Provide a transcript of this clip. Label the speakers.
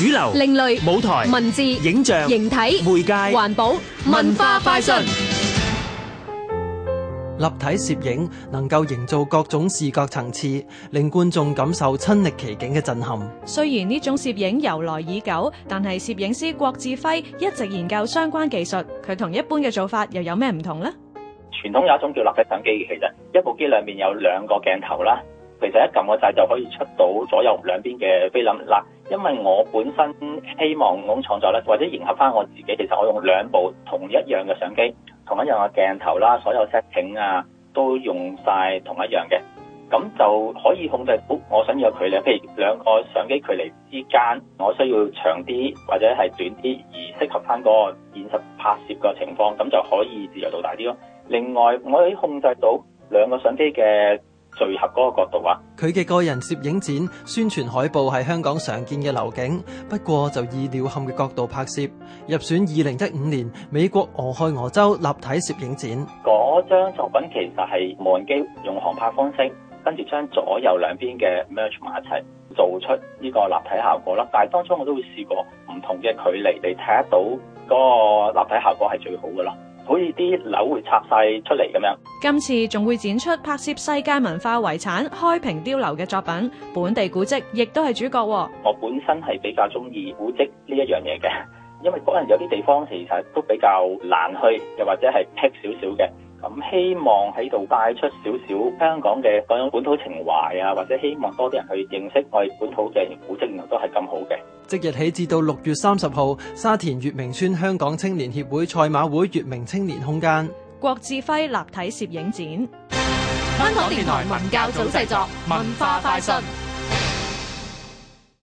Speaker 1: 主流、另類舞台、文字、影像、形
Speaker 2: 體、媒介、環保、文化快訊。
Speaker 1: 立體攝影能夠營造各種視覺層次，令觀眾感受親歷其境嘅震撼。
Speaker 2: 雖然呢種攝影由來已久，但係攝影師郭志輝一直研究相關技術。佢同一般嘅做法又有咩唔同呢？
Speaker 3: 傳統有一種叫立體相機，其實一部機裏面有兩個鏡頭啦。其實一撳個掣就可以出到左右兩邊嘅菲林嗱，因為我本身希望咁創作咧，或者迎合翻我自己，其實我用兩部同一樣嘅相機，同一樣嘅鏡頭啦，所有 setting 啊都用晒同一樣嘅，咁就可以控制到我想要嘅距離。譬如兩個相機距離之間，我需要長啲或者係短啲，而適合翻嗰個現實拍攝嘅情況，咁就可以自由度大啲咯。另外，我可以控制到兩個相機嘅聚合嗰個角度啊。
Speaker 1: 佢嘅個人攝影展宣傳海報係香港常見嘅樓景，不過就以鳥瞰嘅角度拍攝，入選二零一五年美國俄亥俄州立體攝影展。
Speaker 3: 嗰張作品其實係無人機用航拍方式，跟住將左右兩邊嘅 merge 埋一齊，做出呢個立體效果啦。但係當初我都會試過唔同嘅距離你睇，看看得到嗰個立體效果係最好噶啦。好似啲樓會拆晒出嚟咁樣。
Speaker 2: 今次仲會展出拍攝世界文化遺產開平碉樓嘅作品，本地古蹟亦都係主角喎。
Speaker 3: 我本身係比較鍾意古蹟呢一樣嘢嘅，因為可能有啲地方其實都比較難去，又或者係僻少少嘅。咁希望喺度帶出少少香港嘅嗰種本土情懷啊，或者希望多啲人去認識我哋本土嘅古跡，原來都係咁好
Speaker 1: 嘅。即日起至到六月三十號，沙田月明村香港青年協會賽馬會月明青年空間
Speaker 2: 郭志輝立體攝影展。香港電台文教組製作文化快訊。